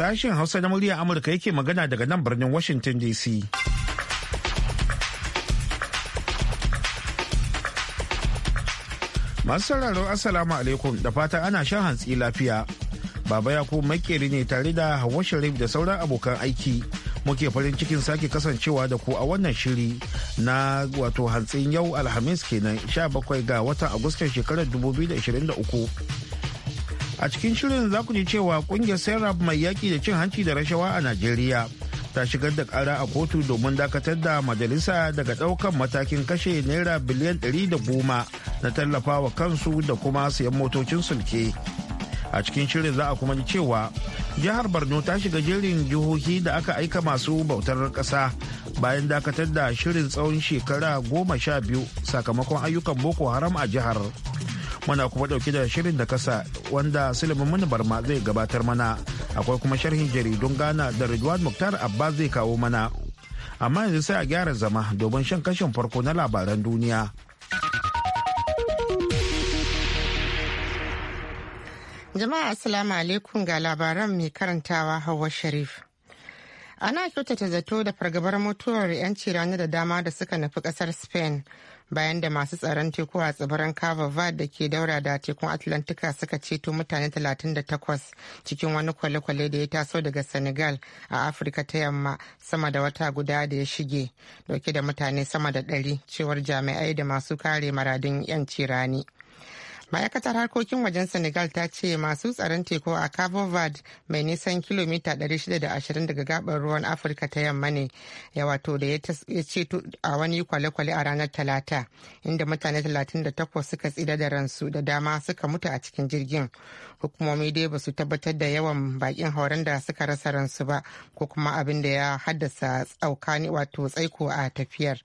Sashen Hausa na murya Amurka yake magana daga nan birnin Washington DC. Masu sauraro Assalamu alaikum da fata ana shan hantsi lafiya. Baba Yakubu makeri ne tare da Hawwa Sharif da sauran abokan aiki. Muke farin cikin sake kasancewa da ku a wannan shiri na wato hantsin yau Alhamis kenan 17 ga watan Agustan shekarar 2023. a cikin shirin za ku ji cewa kungiyar sarraf mai yaki da cin hanci da rashawa a najeriya ta shigar da kara a kotu domin dakatar da majalisa daga daukan matakin kashe naira biliyan 110 na tallafa wa kansu da kuma siyan motocin sulke a cikin shirin za a kuma ji cewa jihar borno ta shiga jerin jihohi da aka aika masu bautar kasa bayan dakatar da shirin tsawon shekara goma sha biyu sakamakon ayyukan boko haram a jihar. muna kuma dauke da shirin da kasa wanda silimin muni barma zai gabatar mana akwai kuma sharhin jaridun ghana da ridwan muktar abba zai kawo mana amma yanzu sai a gyara zama domin shan kashin farko na labaran duniya jama'a assalamu alaikum ga labaran mai karantawa hawa sharif ana kyautata zato da fargabar mutuwar 'yanci rani da dama da suka nufi kasar spain bayan da masu tsaron teku a tsibirin Cabo Verde da ke daura da tekun Atlantika suka ceto mutane 38 cikin wani kwale-kwale da ya taso daga Senegal a Afirka ta yamma sama da wata guda da ya shige dauke da mutane sama da 100 cewar jami'ai da masu kare maradin 'yanci rani. ma'aikatar harkokin wajen senegal ta ce masu tsaron teku a cabo verde mai nisan kilomita 620 daga gabar ruwan afirka ta yamma ne ya wato da ya ceto a wani kwale-kwale a ranar talata inda mutane 38 suka tsira da ransu da dama suka mutu a cikin jirgin hukumomi dai ba su tabbatar da yawan bakin hauren da suka rasa ransu ba ko kuma abin da ya haddasa tsaukani wato tsaiko a tafiyar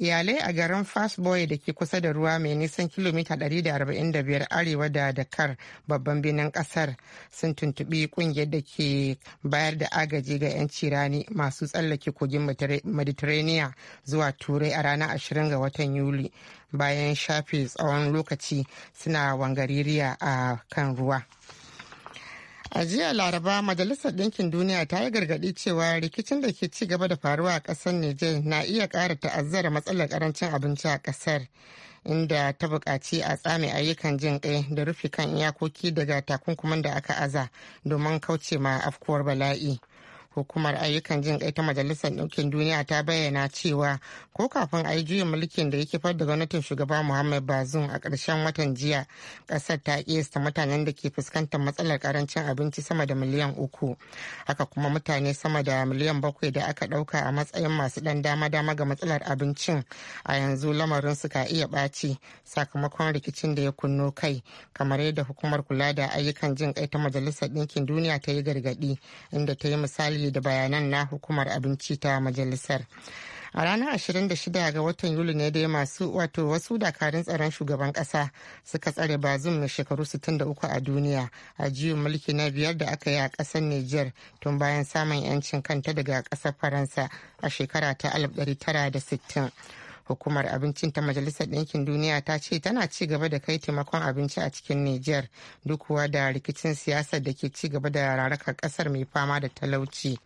iyalai a garin fast da ke kusa da ruwa mai nisan kilomita 145 arewa da dakar babban birnin kasar sun tuntubi kungiyar da ke bayar da agaji ga 'yan cirani masu tsallake kogin mediterranean zuwa turai a ranar 20 ga watan yuli bayan shafe tsawon lokaci suna wangaririya a kan ruwa. A jiya Laraba Majalisar Ɗinkin Duniya ta yi gargaɗi cewa rikicin da ke ci gaba da faruwa a ƙasar Nijar na iya ƙara ta'azzara matsalar ƙarancin abinci a ƙasar, inda ta buƙaci a tsame ayyukan jin ƙai da rufe kan iyakoki daga takunkuman da aka aza domin kauce ma afkuwar bala'i. hukumar ayyukan jin kai ta majalisar ɗaukin duniya ta bayyana cewa ko kafin a yi juyin mulkin da yake kifar da gwamnatin shugaba muhammad bazoum a ƙarshen watan jiya ƙasar ta kiyasta mutanen da ke fuskantar matsalar karancin abinci sama da miliyan uku haka kuma mutane sama da miliyan bakwai da aka ɗauka a matsayin masu ɗan dama-dama ga matsalar abincin a yanzu lamarin su ka iya ɓaci sakamakon rikicin da ya kunno kai kamar yadda hukumar kula da ayyukan jin kai ta majalisar ɗinkin duniya ta yi gargaɗi inda ta yi misali da bayanan na hukumar abinci ta majalisar a ranar 26 ga watan yuli ne dai masu wato wasu dakarun tsaron shugaban kasa suka tsare bazin mai shekaru 63 a duniya a jiyo mulki na biyar da aka yi a kasar niger tun bayan samun yancin kanta daga kasar faransa a shekara ta 1960 hukumar abincin ta majalisar ɗinkin duniya ta ce tana ci gaba da kai taimakon abinci a cikin niger duk kuwa da rikicin siyasar da ke ci gaba da rarakar kasar mai fama da talauci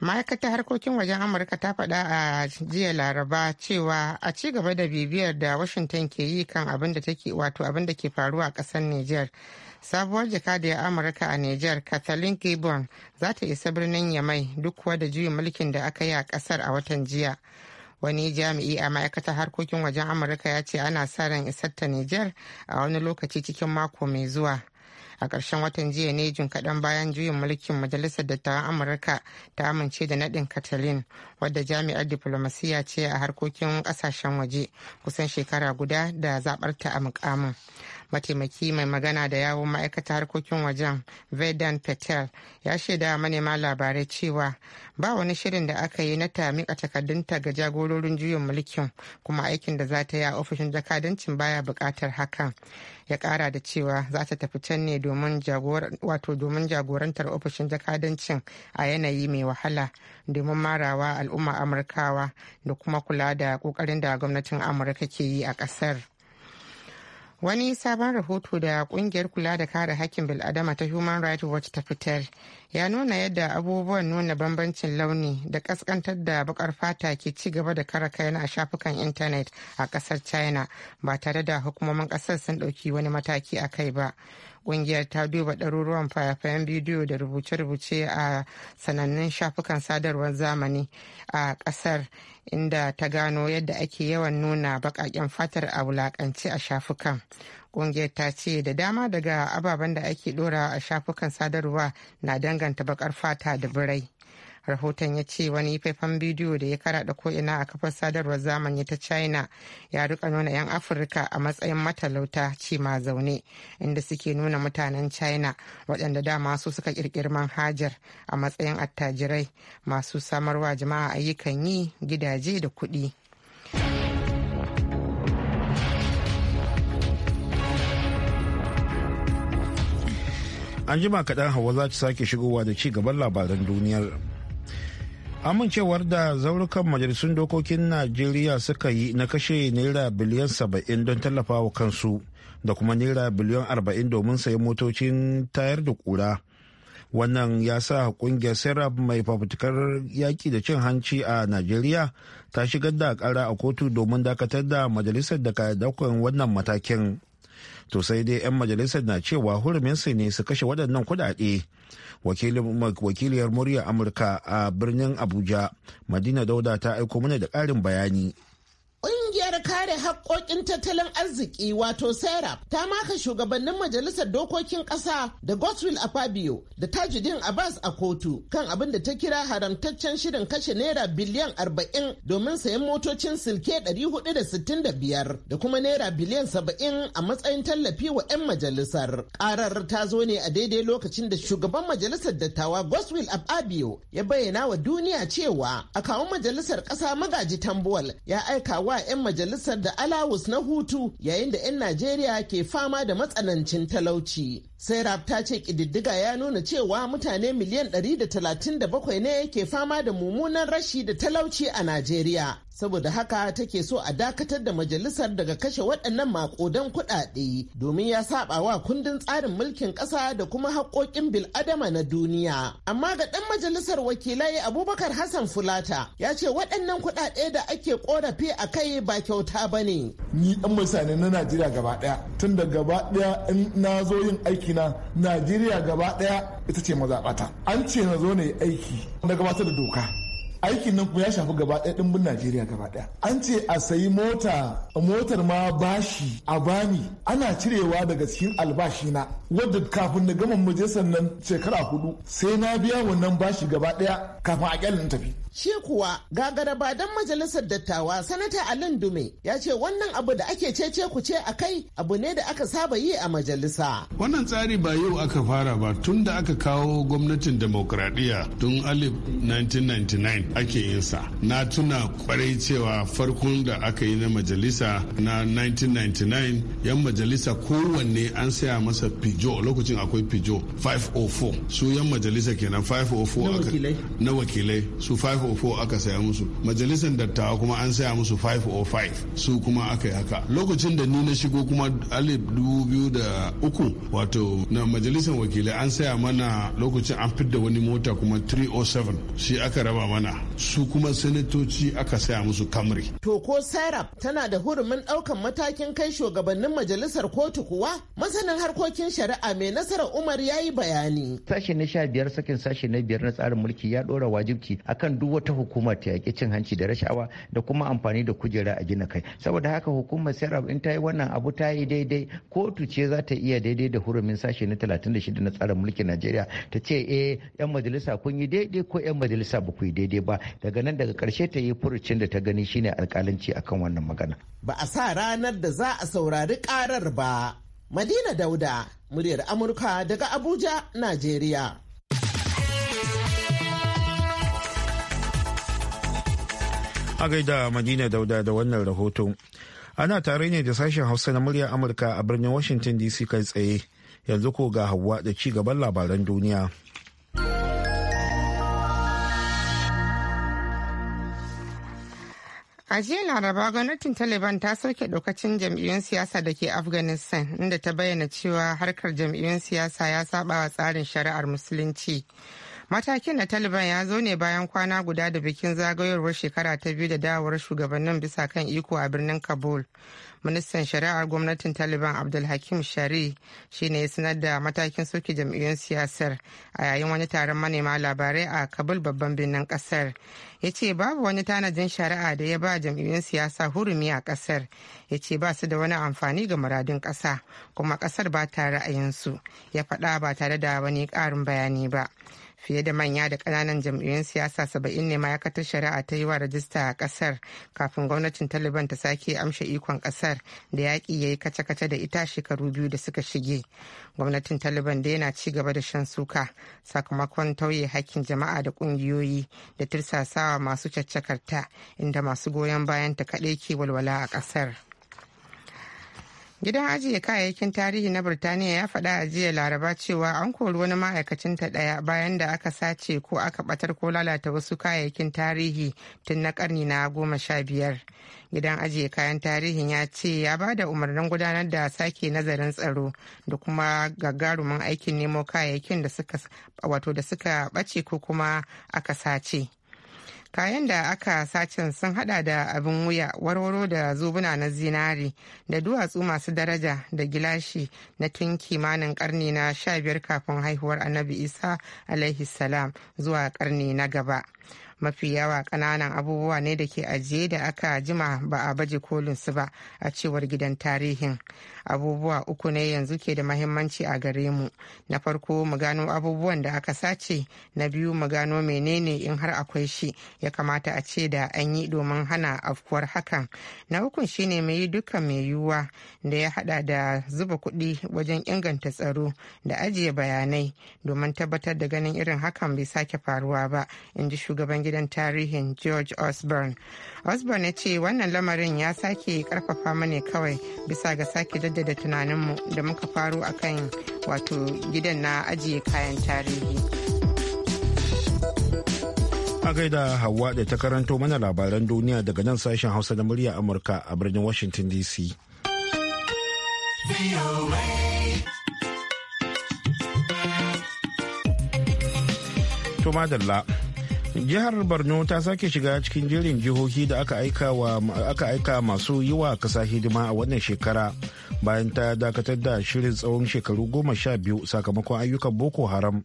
ma'aikatar harkokin wajen amurka ta faɗa a jiya laraba cewa a ci gaba da bibiyar da washington ke yi kan abin da take wato abin da ke faruwa a ƙasar niger sabuwar jakadiyar amurka a niger kathleen gibbon za ta isa birnin yamai duk kuwa da juyin mulkin da aka yi a ƙasar a watan jiya wani jami'i a ma'aikatar harkokin wajen amurka ya ce ana sa ran isar ta nijar a wani lokaci cikin mako mai zuwa a ƙarshen watan jiya ne jin kaɗan bayan juyin mulkin majalisar dattawan amurka ta amince da naɗin katalin wadda jami'ar diplomasiya ce a harkokin ƙasashen waje kusan shekara guda da zaɓarta a mukamin mataimaki mai magana da yawon ma'aikata harkokin wajen vedan petel ya shaida manema labarai cewa ba wani shirin da aka yi na ta mika takardunta ga jagororin juyin mulkin kuma aikin da za ta yi a ofishin jakadancin baya bukatar hakan ya ƙara da cewa za ta tafi can ne domin jagorantar ofishin jakadancin a yanayi mai wahala domin marawa al'umma amurkawa da kuma kula da kokarin da gwamnatin amurka ke yi a ƙasar. Wani sabon rahoto da kungiyar kula da kare hakkin bil'adama ta Human Rights Watch ta fitar ya nuna yadda abubuwan nuna bambancin launi da kaskantar da bakar fata ke ci gaba da kara kayan a shafukan intanet a kasar China ba tare da hukumomin kasar sun ɗauki wani mataki a kai ba. Ƙungiyar ta duba ɗaruruwan fayafayen bidiyo da rubuce-rubuce a sanannun shafukan sadarwar zamani a ƙasar inda ta gano yadda ake yawan nuna baƙaƙen fatar a wulaƙance a shafukan. Ƙungiyar ta ce da dama daga ababen da ake ɗora a shafukan sadarwa na danganta baƙar fata da birai. rahoton ya ce wani faifan bidiyo da ya karaɗa ko'ina a kafar sadarwar zamani ta china ya rika nuna 'yan afirka a matsayin matalauta ce ma zaune inda suke nuna mutanen china waɗanda dama su suka ƙirƙiri manhajar a matsayin attajirai masu samarwa jama'a ayyukan yi gidaje da kuɗi an jima kaɗan hawa za ta sake shigowa da ci gaban labaran duniyar amincewar da zaurukan majalisun dokokin najeriya suka yi na kashe naira biliyan saba'in don tallafawa kansu da kuma naira biliyan arba'in domin sayi motocin tayar da kura wannan ya sa kungiyar serap mai fafutukar yaki da cin hanci a najeriya ta shigar da kara a kotu domin dakatar da majalisar da ka daukan wannan matakin to sai dai 'yan majalisar na cewa huruminsu ne su kashe waɗannan kuɗaɗe wakiliyar murya amurka a birnin abuja madina dauda ta aiko mana da ƙarin bayani Kungiyar kare haƙƙoƙin tattalin arziki wato sarah ta maka shugabannin majalisar dokokin ƙasa da Godswill Akpabio da tajidin Abbas a kotu kan abin da ta kira haramtaccen shirin kashe naira biliyan 40 domin sayan motocin silke 465 da kuma naira biliyan 70 a matsayin tallafi wa 'yan majalisar. Karar ta zo ne a daidai lokacin da shugaban majalisar dattawa Godswill Akpabio ya bayyana wa duniya cewa a kawo majalisar ƙasa magaji tambuwal ya aika wa 'yan 'yan majalisar da alawus na hutu yayin da 'yan Najeriya ke fama da matsanancin talauci. sairab ta ce kididdiga ya nuna cewa mutane miliyan 137 ne ke fama da mummunan rashi da talauci a Najeriya. Saboda haka take so a dakatar da majalisar daga kashe waɗannan makodan kuɗaɗe domin ya saba wa kundin tsarin mulkin ƙasa da kuma haƙoƙin bil'adama na duniya. Amma ga ɗan majalisar wakilai Abubakar Hassan Fulata ya ce waɗannan kuɗaɗe da ake ƙorafi a kai ba kyauta ba ne. Ni ɗan mutane na Najeriya gaba ɗaya tun da gaba ɗaya in na zo yin aiki na najeriya gaba daya ita ce mazaɓata an ce na zo ne aiki na gabatar da doka aikin nan kuma ya shafi gaba daya dimbin najeriya gaba daya an ce a sayi mota motar ma bashi a bani ana cirewa daga cikin albashina wadda kafin na gama majalisar nan shekara hudu sai na biya wannan bashi gaba ɗaya kafin a ƙyalin tafi Shi kuwa gagara ba dan majalisar dattawa sanata Alin Dume ya ce wannan abu da ake cece ku ce a kai abu ne da aka saba yi a majalisa. Wannan tsari ba yau aka fara ba tun da aka kawo gwamnatin demokradiyya tun alif 1999 ake yinsa. Na tuna kwarai cewa farkon da aka yi na majalisa na 1999 yan majalisa kowanne an saya masa pijo lokacin akwai pijo 504 su yan majalisa kenan 504 na wakilai su 504 aka saya musu majalisar dattawa kuma an saya musu 505 su kuma aka yi haka lokacin da ni na shigo kuma alif uku wato na majalisar wakilai an saya mana lokacin an fidda wani mota kuma 307 shi aka raba mana su kuma sanatoci aka saya musu kamri to ko sarap tana da hurumin daukan matakin kai shugabannin majalisar kotu kuwa masanin harkokin shari'a mai nasarar umar ya yi bayani sashe na sha biyar sakin sashe na biyar na tsarin mulki ya dora wajibci akan du. wata hukuma ta yaƙi cin hanci da rashawa da kuma amfani da kujera a gina kai saboda haka hukumar sarraf in ta yi wannan abu ta yi daidai kotu ce za ta iya daidai da hurumin sashe na 36 na tsarin mulkin najeriya ta ce eh yan majalisa kun yi daidai ko yan majalisa ba ku yi daidai ba daga nan daga karshe ta yi furucin da ta gani shine alkalanci akan wannan magana ba a sa ranar da za a saurari karar ba madina dauda muryar amurka daga abuja najeriya a gaida madina dauda da wannan rahoto ana tare ne da sashen hausa na murya amurka a birnin washington dc kai tsaye yanzu ko ga hawa da ci gaban labaran duniya a jiya laraba gwamnatin taliban ta sauke dokacin jam'iyyun siyasa da ke afghanistan inda ta bayyana cewa harkar jam'iyyun siyasa ya saba wa tsarin shari'ar musulunci Matakin na Taliban ya zo ne bayan kwana guda da bikin zagayowar shekara ta biyu da dawowar shugabannin bisa kan iko a birnin Kabul. Ministan shari'ar gwamnatin Taliban Abdulhakim Shari shi ne sanar da matakin soke jam'iyyun siyasar a yayin wani taron manema labarai a Kabul babban birnin kasar. Ya ce babu wani tanadin shari'a da ya ba jam'iyyun siyasa hurumi a kasar. Ya ce ba su da wani amfani ga muradun kasa kuma kasar ba ta ra'ayinsu. Ya faɗa ba tare da wani karin bayani ba. fiye da manya da ƙananan jam'iyyun siyasa saba'in ne ma'aikatar shari'a ta yi wa rajista a ƙasar kafin gwamnatin taliban ta sake amshe ikon ƙasar da yaƙi ya yi kace-kace da ita shekaru biyu da suka shige gwamnatin taliban da yana ci gaba da shan suka sakamakon tauye hakkin jama'a da ƙungiyoyi da tirsasawa masu caccakarta inda masu goyon bayan ta kaɗai ke walwala a ƙasar. Gidan ajiye kayayyakin tarihi na Birtaniya ya faɗa a jiya Laraba cewa an kori wani ma'aikacin ta ɗaya bayan da aka sace ko aka ɓatar ko lalata wasu kayayyakin tarihi tun na ƙarni na goma sha biyar. Gidan ajiye kayan tarihin ya ce ya ba da umarnin gudanar da sake nazarin tsaro da kuma gagarumin aikin nemo kayayyakin da suka wato da suka ɓace ko kuma aka sace. kayan da aka sacin sun hada da abin wuya warwaro da zubuna na zinari da duwatsu masu daraja da gilashi na tun kimanin karni na sha biyar kafin haihuwar annabi isa alaihi salam zuwa karni na gaba mafi yawa kananan abubuwa ne da ke ajiye da aka jima ba a baje kolinsu ba a cewar gidan tarihin abubuwa uku ne yanzu ke da mahimmanci a gare mu na farko mu gano abubuwan da aka sace na biyu mu gano menene in har akwai shi ya kamata a ce da an yi domin hana afkuwar hakan na uku shine mu yi duka mai yiwuwa da ya hada da zuba kuɗi wajen inganta tsaro da ajiye bayanai domin tabbatar da ganin irin hakan bai sake faruwa ba in ji shugaban gidan tarihin george osborne osborn ya ce wannan lamarin ya sake karfafa mane kawai bisa ga sake da tunaninmu da muka faro kan wato gidan na ajiye kayan tarihi. a gaida hawa da ta karanto mana labaran duniya daga nan sashen hausa da murya amurka a birnin washington dc to madalla jihar borno ta sake shiga cikin jerin jihohi da aka aika masu yi wa kasa hidima a wannan shekara bayan ta dakatar da shirin tsawon shekaru goma sha biyu sakamakon ayyukan boko haram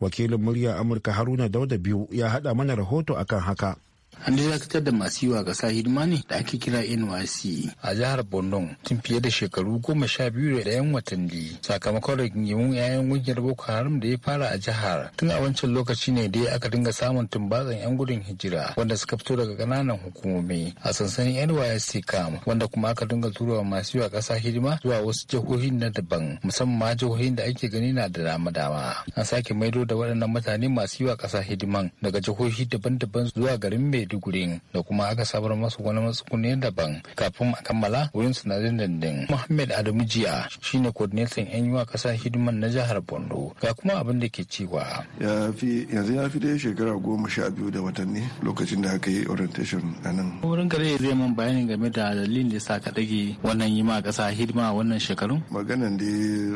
wakilin murya amurka haruna dauda biyu ya hada mana rahoto akan haka An dakatar da masu yi wa ƙasa hidima ne da ake kira NYC a jihar Borno tun fiye da shekaru goma sha biyu da ɗayan watanni sakamakon rigingimun 'ya'yan ƙungiyar Boko Haram da ya fara a jihar. Tun a wancan lokaci ne dai aka dinga samun tumbatsan 'yan gudun hijira wanda suka fito daga ƙananan hukumomi a sansanin NYC kam wanda kuma aka dinga turawa masu yi wa ƙasa hidima zuwa wasu jihohi na daban musamman ma jihohin da ake gani na da dama-dama. An sake maido da waɗannan mutane masu yi wa ƙasa hidiman daga jihohi daban-daban zuwa garin mai maiduguri da kuma aka sabar masu wani matsuguni daban kafin a kammala wurin sinadarin dandin muhammad adamu jiya shine coordinator yan yiwa kasa hidiman na jihar bondo ga kuma abin da ke cewa yanzu ya fi dai shekara goma sha biyu da watanni lokacin da aka yi orientation a nan wurin gare zai man bayani game da dalilin da sa ka dage wannan yi ma kasa hidima wannan shekarun maganan da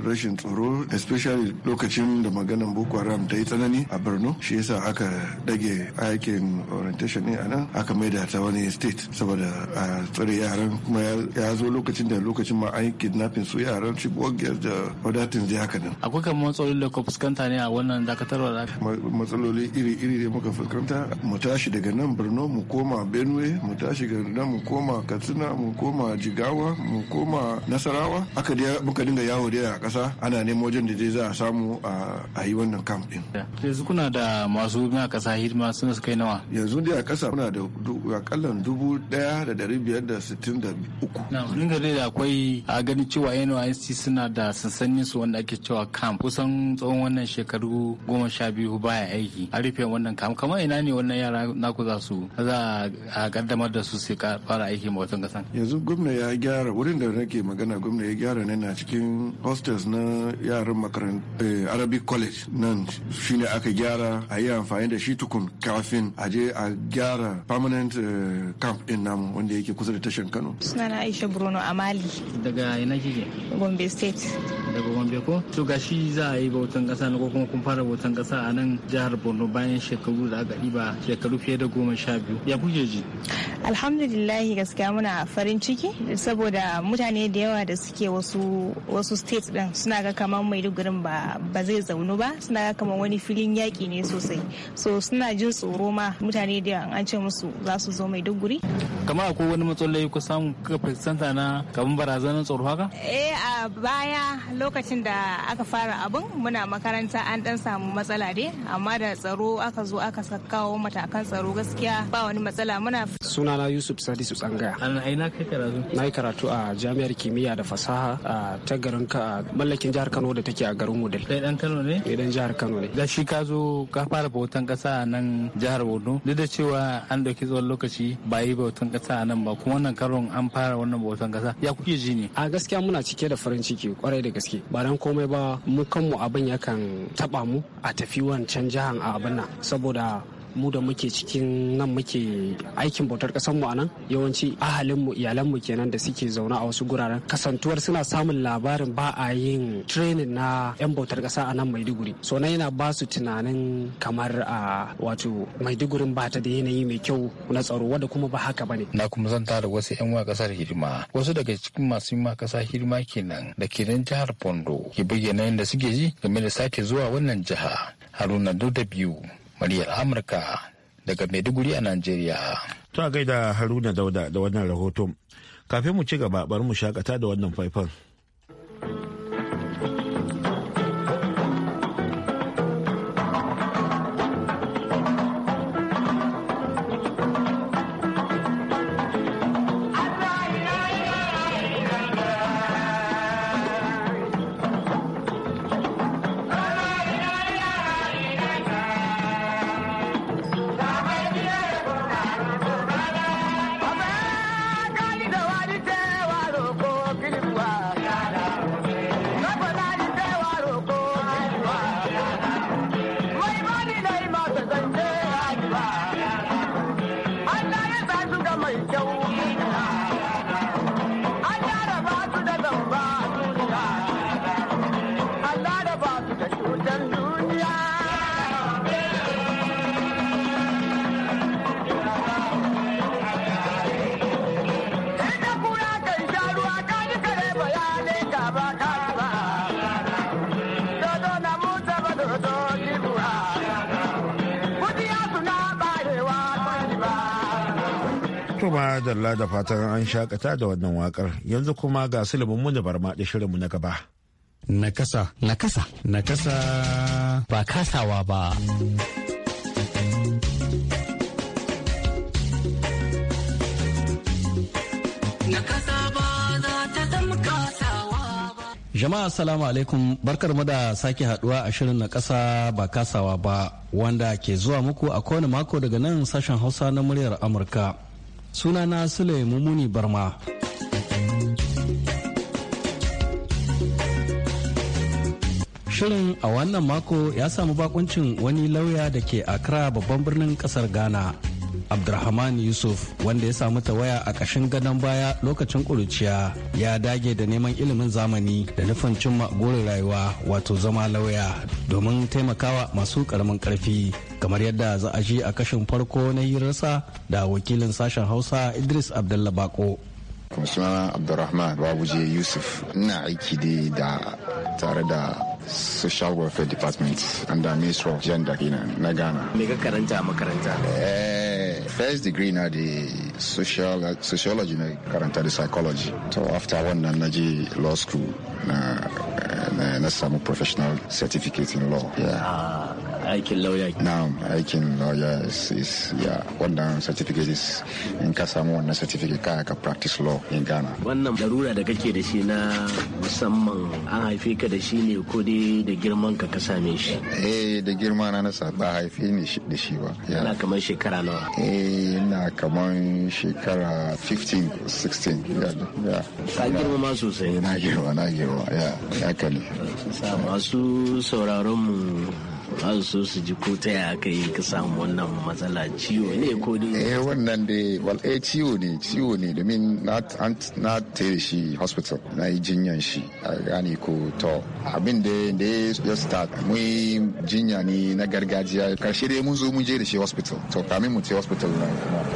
rashin tsoro especially lokacin da maganan boko haram ta yi tsanani a borno shi yasa aka dage aikin orientation ne a nan aka maida ta wani state saboda a tsare yaran kuma ya zo lokacin da lokacin ma an yi kidnapping su yaran chief da wadatin zai haka nan akwai kan matsaloli da ku fuskanta ne a wannan dakatarwa da matsaloli iri-iri da muka fuskanta mu tashi daga nan borno mu koma benue mu tashi daga nan mu koma katsina mu koma jigawa mu koma nasarawa aka muka dinga yawo dai a kasa ana neman wajen da zai za a samu a yi wannan camp din yanzu kuna da masu bin a hidima suna su kai nawa yanzu dai a kasa. muna da akalla dubu daya da dari biyar da sittin da uku. Duk da da akwai a ganin cewa NYC suna da sansanin su wanda ake cewa kam kusan tsawon wannan shekaru goma sha biyu baya aiki a rufe wannan kam kamar ina ne wannan yara naku za su za a kaddamar da su sai ka fara aiki ma wata kasan. Yanzu gwamna ya gyara wurin da nake magana gwamna ya gyara ne na cikin hostels na yaran makarantar eh, Arabic College nan shine aka gyara a yi amfani da shi tukun kafin a je a gyara fara permanent eh, camp din namu wanda yake kusa da tashar Kano. Suna na Aisha Bruno Amali. Daga ina kike? Gombe State. Daga Gombe ko? To gashi za a yi bautan kasa na ko kuma kun fara bautan kasa a nan jihar Borno bayan shekaru da aka ɗiba shekaru fiye da goma sha biyu. Ya kuke ji? Alhamdulillah gaskiya muna farin ciki saboda mutane da yawa da suke wasu wasu states din suna ga kamar Maidugurin ba ba zai zaunu ba suna ga kamar wani filin yaƙi ne sosai. So suna jin tsoro ma mutane da yawa an ce musu za su zo duguri. kamar akwai wani matsaloli ku samu kuka fuskanta na kamar barazanar tsaro haka eh a baya lokacin da aka fara abin muna makaranta an dan samu matsala dai amma da tsaro aka zo aka kawo matakan tsaro gaskiya ba wani matsala muna sunana yusuf sadisu tsangaya an aina kai karatu na yi karatu a jami'ar kimiyya da fasaha a ta garin ka mallakin jihar kano da take a garin model. kai dan kano ne kai eh, dan jihar kano ne da shi ka zo ka fara bautan kasa nan jihar borno duk da cewa an ɗauki tsawon lokaci ba yi bautan ƙasa a nan ba kuma wannan karon an fara wannan bautan ƙasa ya kuke ji ne. a gaskiya muna cike da farin ciki kwarai da gaske ba dan komai ba mu kanmu abin yakan taɓa mu a tafi wancan jihar a abin nan saboda mu da muke cikin nan muke aikin bautar ƙasar mu anan yawanci ahalin mu iyalan mu kenan da suke zaune a wasu guraren kasantuwar suna samun labarin ba a yin training na yan bautar ƙasa a nan Maiduguri so na yana ba su tunanin kamar a wato Maidugurin ba ta da yanayi mai kyau na tsaro wanda kuma ba haka bane na kuma zan tara wasu yan wa ƙasar hidima wasu daga cikin masu yin ma ƙasa hidima kenan da ke nan jihar Pondo ke bayyana yadda suke ji game da sake zuwa wannan jiha Haruna da biyu muryar Amurka daga Maiduguri a Najeriya. To gaida Haruna Dauda da wannan rahoton. Kafin mu ci gaba bari mu shakata da wannan faifan. ma dalla da fatan an shakata da wannan wakar yanzu kuma ga mu da barma da shirinmu na gaba. Nakasa. Nakasa. Nakasa. Ba kasawa ba. Jama'a salamu alaikum barkar mu da sake haduwa a shirin na kasa ba kasawa ba wanda ke zuwa muku a kowane mako daga nan sashen hausa na muryar Amurka. sunana sule muni barma shirin a wannan mako ya samu bakuncin wani lauya da ke akra babban birnin kasar ghana abdulrahman yusuf wanda ya samu tawaya a ƙashin gadon baya lokacin ƙuruciya ya dage da neman ilimin zamani da nufin cimma rayuwa wato zama lauya domin taimakawa masu ƙaramin ƙarfi kamar yadda za a ji a kashin farko na hirarsa da wakilin sashen hausa idris abdullahi bako kuma sunana abdurrahman babuje yusuf ina aiki dai da tare da social welfare department under ministry of gender na ghana me ka karanta a makaranta eh, first degree na da sociology na karanta da psychology to after wannan na je law school na na samu professional certificate in law yeah. Ah, aikin lauya na'am aikin lauya is ya wannan certificate is in ka samu wannan certificate ka ka practice law in Ghana wannan darura da kake da shi na musamman an haife ka da shi ne ko dai da girman ka ka same shi eh da girma na na ba haife ni da shi ba ina kamar shekara nawa eh ina kamar shekara 15 16 ya ka girma sosai na girma na girma ya ya kali masu sauraron mu ba su su ji ko ta yaya aka yi ka samu wannan matsala ciwo ne ko ne eh wannan dai wal eh ciwo ne ciwo ne domin na na tare shi hospital na yi jinyan shi a gane ko to abin da da ya start mu jinya ne na gargajiya karshe dai mun zo mun je da shi hospital to kamin mu ce hospital na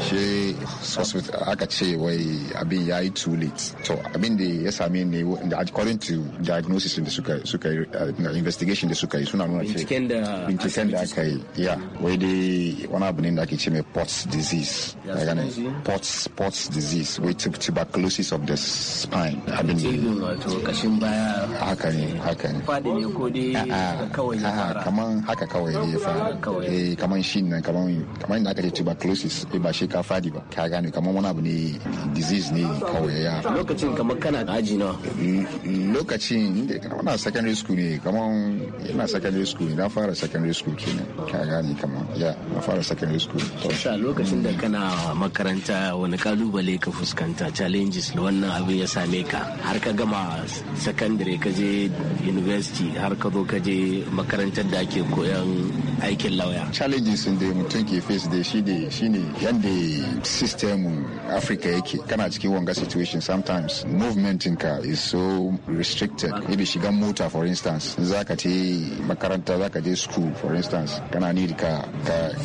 shi hospital aka ce wai abin ya yi too late to abin da ya same ne according to diagnosis da suka suka uh, investigation da suka yi suna nuna ce binciken da aka yi ya wai dai wani abu ne da ake ce mai pots disease ya gane pots pots disease wai tuberculosis of the spine abin da wato kashin baya haka ne haka ne fadi ne ko dai kawai ya fara kaman haka kawai ne ya fara eh kaman shi nan kaman kaman da aka ce tuberculosis eh, ba shi ka fadi ba ka gane kaman wani abu ne disease ne kawai ya lokacin kamar kana aji nawa lokacin ina secondary school ne kaman ina secondary school na fara fara secondary school kenan ka gane kamar ya na fara secondary school to sha lokacin da kana makaranta wani kalubale ka fuskanta challenges da wannan abin ya same ka har ka gama secondary ka je university har ka zo ka je makarantar da ake koyan aikin lauya challenges da mutum ke face da shi ne shine yanda system Africa yake kana cikin wanga situation sometimes movement ka is so restricted maybe shigan mota for instance zaka je makaranta zaka je school for instance kana ni ka ka ka. Eh,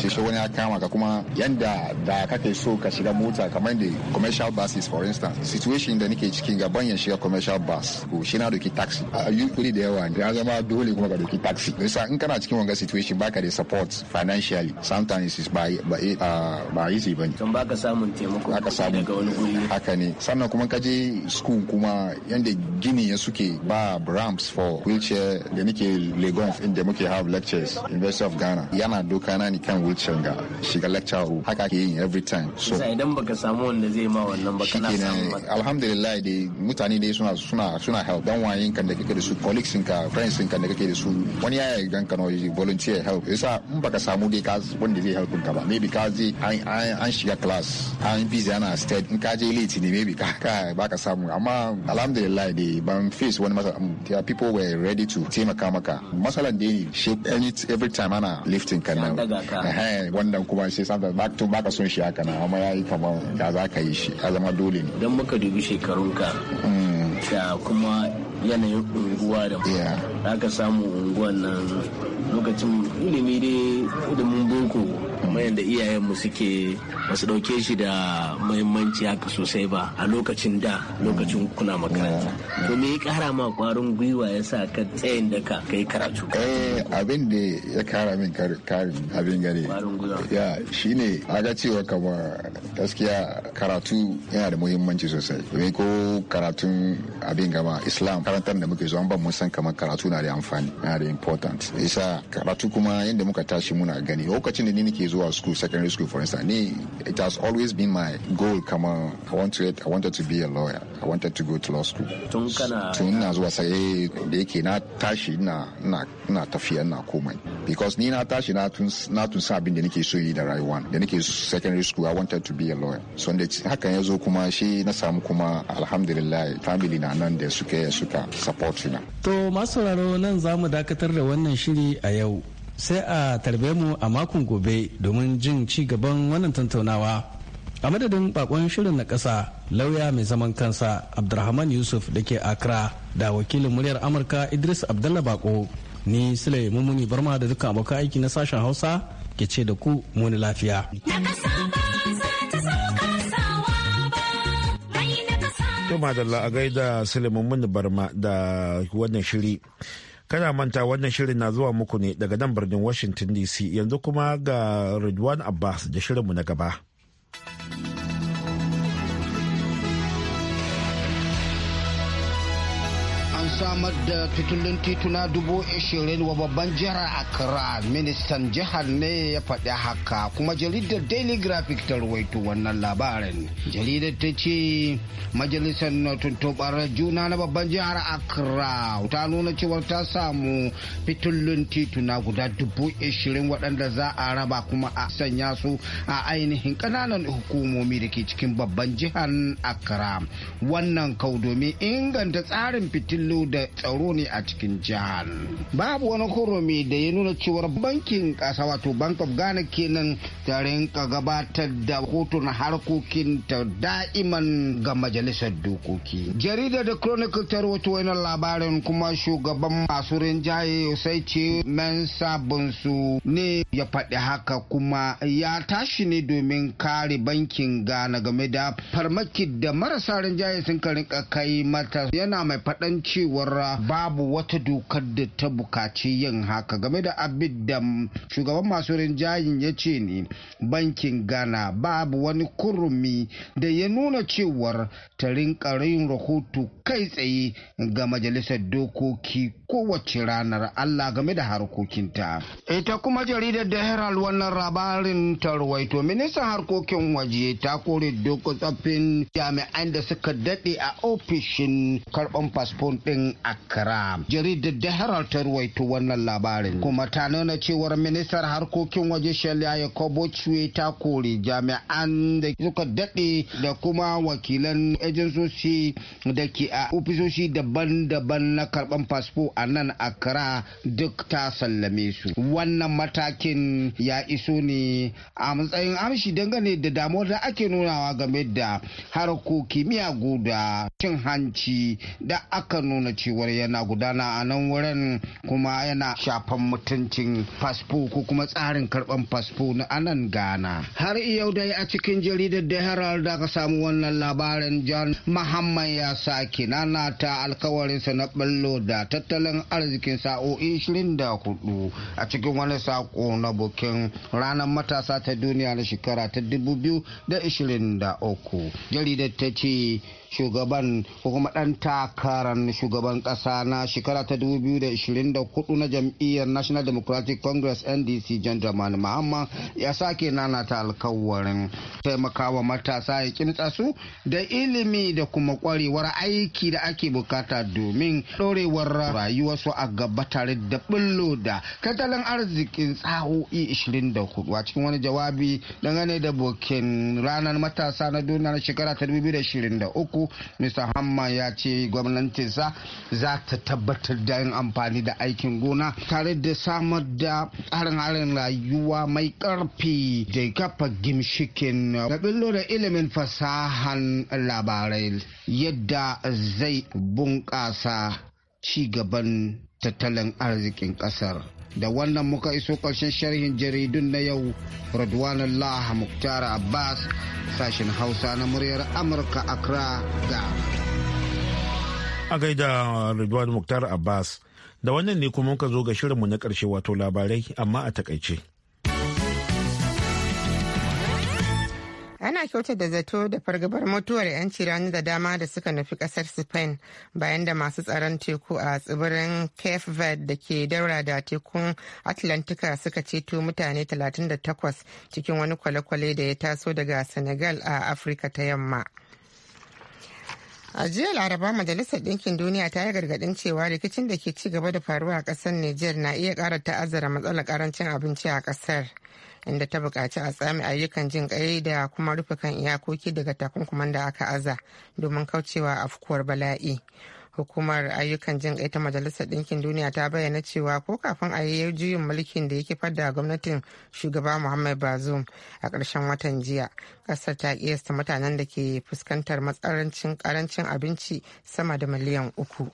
shi wani ya kama ka kuma yanda da kake so ka shiga mota kamar da commercial buses for instance situation da nake cikin gaban ya shiga commercial bus ko shi na doki taxi a yi kuri da yawa ya zama dole kuma ka doki taxi sa in kana cikin wanga situation baka da support financially sometimes is by eh, ah, ba easy bane kan baka samun taimako aka samu daga wani guri haka ne sannan kuma ka je school kuma yanda gini ya suke ba ramps for wheelchair da nake legon inda muke have lectures University of Ghana yana doka na ni kan wheelchair ga shiga lecture room haka ke yin every time so idan baka samu wanda zai ma wannan baka kana samu alhamdulillah dai mutane dai suna suna suna help dan wayin kan da kake da su colleagues ka friends ka da kake da su wani yaya gan ka volunteer help yasa in baka samu dai ka wanda zai help ka ba maybe ka je an shiga class an busy ana stead in ka je late ne maybe ka ka baka samu amma alhamdulillah dai ban face wani matsala um, people were ready to taimaka maka masala. wannan dai shi every time ana lifting ka nan wannan kuma shi sanda tun baka son shi haka na amma ya yi kamar ya za ka yi shi ya zama dole ne don muka dubi shekarunka hmm. da kuma yanayin unguwa da za ka samu unguwan nan lokacin ilimi dai mun boko kamar yadda iyayenmu suke ba su ɗauke shi da muhimmanci haka sosai ba a lokacin da lokacin kuna makaranta to me ya kara ma kwarin gwiwa ya sa ka tsayin da ka kai karatu eh abin da ya kara min karin abin gare ya shine aga cewa kama gaskiya karatu yana da muhimmanci sosai me ko karatun abin gama islam karantar da muke zuwa ban mun san kamar karatu na da amfani yana da important isa karatu kuma yadda muka tashi muna gani lokacin da ni nake zuwa zuwa school secondary school for instance it has always been my goal Come on, I wanted I wanted to be a lawyer I wanted to go to law school tun na zuwa sai da yake na tashi na na na tafiya na komai because ni na tashi na tun na tun sa abin da nake so yi da rayuwa da nake secondary school I wanted to be a lawyer so da haka ya zo kuma shi na samu kuma alhamdulillah family na nan da suke suka support na to masu raro nan zamu dakatar da wannan shiri a yau sai a tarbe mu a makon gobe domin jin ci gaban wannan tattaunawa a madadin bakon shirin na ƙasa lauya mai zaman kansa abdulrahman yusuf da ke accra da wakilin muryar amurka idris abdallah bako ni sule mummuni barma da dukkan abokan aiki na sashen hausa ke ce da ku muni lafiya to madalla a gaida sule mummuni barma da wannan shiri Kana manta wannan shirin na zuwa muku ne daga nan birnin Washington DC yanzu kuma ga Ridwan Abbas da shirinmu na gaba. samar da fitilun tituna dubu ashirin wa babban jihar Accra ministan jihar ne ya faɗi haka kuma jaridar Daily Graphic ta ruwaito wannan labarin. Jaridar ta ce majalisar tuntubar juna na babban jihar Accra ta nuna cewa ta samu fitilun tituna guda dubu ashirin waɗanda za a raba kuma a sanya su a ainihin ƙananan hukumomi da ke cikin babban jihar Accra. Wannan kau domin inganta tsarin fitilu da tsaro ne a cikin jihar babu wani hurumi da ya nuna cewar bankin kasa wato bank of ghana kenan ta rinka gabatar da hoton harkokin ta da'iman ga majalisar dokoki jaridar da chronicle ta rawaito wani labarin kuma shugaban masu rinjaye sai ce mensa sabunsu ne ya faɗi haka kuma ya tashi ne domin kare bankin ghana game da farmaki da marasa rinjaye sun rinka kai mata yana mai faɗan cewa cewar babu wata dokar da ta bukaci yin haka game da abin da shugaban masu rinjayin ya ce ne bankin ghana babu wani kurumi da ya nuna cewar ta rinka rahoto kai tsaye ga majalisar dokoki kowace ranar allah game da harkokinta ita kuma jaridar da herald wannan labarin tarwaito ministan harkokin waje ta kore dokokin jami'an da suka daɗe a ofishin karban fasfon ɗin birnin Accra. Jaridar da Herald ta ruwaito wannan labarin kuma ta nuna cewar ministar harkokin waje Shelia Yakobo Chue ta kori jami'an da suka daɗe da kuma wakilan ejensoshi da ke a ofisoshi daban-daban na karɓan fasfo a nan Accra duk ta sallame su. Wannan matakin ya iso ne a matsayin amshi dangane da damuwar da ake nunawa game da harkokin miya guda. cin hanci da aka nuna nuna cewar yana gudana a nan wurin kuma yana shafan mutuncin fasfo ko kuma tsarin karban fasfo na anan gana har yau dai a cikin jaridar da herald da aka samu wannan labarin jan muhammad ya saki nana ta alkawarinsa na ballo da tattalin arzikin sa'o'i 24 a cikin wani sako na bukin ranar matasa ta duniya na shekara ta 2023 jaridar ta ce shugaban ko kuma dan takarar shugaban kasa na shekara ta 2024 na jam'iyyar National Democratic Congress NDC John Dramani Mahama ya sake ta alkawarin taimakawa matasa ya kinta su da ilimi da kuma kwarewar aiki da ake bukata domin ɗorewar rayuwarsu a gaba tare da bullo da tattalin arzikin tsaho'i 24 a cikin wani jawabi dangane da bukin ranar matasa na duniya na shekara ta 2023 uku mr Hamma ya ce gwamnatinsa za ta tabbatar da yin amfani da aikin gona tare da samar da tsarin rayuwa mai karfi da kafa gimshikin da da ilimin fasahan labarai yadda zai bunƙasa ci gaban tattalin arzikin ƙasar. da wannan muka iso ƙarshen sharhin jaridun na yau Radwan Allah Muktar Abbas sashen Hausa na muryar Amurka Accra ga. A gaida Radwan Muktar Abbas da wannan ne kuma muka zo ga shirinmu na ƙarshe wato labarai amma a takaice. ana kyautar da zato da fargabar mutuwar 'yanci rani da dama da suka nufi kasar spain bayan da masu tsaron teku a tsibirin cape verde da ke daura da tekun atlantika suka ceto mutane 38 cikin wani kwale-kwale da ya taso daga senegal a afirka ta yamma a jiya laraba majalisar ɗinkin duniya ta yi gargaɗin cewa rikicin da ke ci gaba da faruwa a ƙasar niger na iya ƙara ta'azzara matsalar ƙarancin abinci a ƙasar inda ta bukaci a tsami ayyukan jin ƙai da kuma rufe kan iyakoki daga takunkuman da aka aza domin kaucewa a afkuwar bala'i. hukumar ayyukan jin ta majalisar ɗinkin duniya ta bayyana cewa ko kafin a yi juyin mulkin da ya fadda da gwamnatin shugaba muhammad bazoum a karshen watan jiya ƙasar ta kiyasta mutanen da ke fuskantar matsarancin ƙarancin abinci sama da miliyan uku.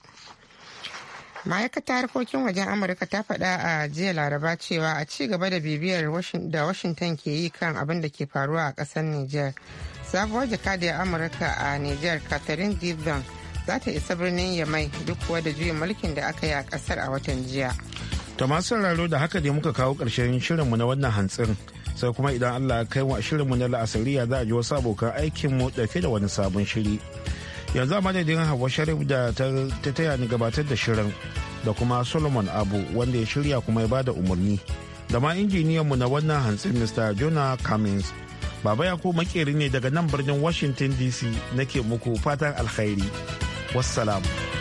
ma'aikatar harkokin wajen amurka ta faɗa a jiya laraba cewa a ci gaba da bibiyar da washington ke yi kan abin da ke faruwa a ƙasar niger sabuwar jakadiyar amurka a niger catherine gibbon za ta isa birnin yamai duk kuwa da juyin mulkin da aka yi a ƙasar a watan jiya ta masu sauraro da haka ne muka kawo ƙarshen shirinmu na wannan hantsin sai kuma idan allah ya kai wa shirin shirinmu na la'asariya za a ji wasu abokan aikinmu ɗauke da wani sabon shiri. yanzu a madadin hawa sharif da ta taya ni gabatar da shirin da kuma solomon abu wanda ya shirya kuma ya bada umarni da ma injiniyanmu na wannan hantsin mr jonah cummins baba ya ko makeri ne daga nan birnin washington dc nake muku fatan alkhairi wassalamu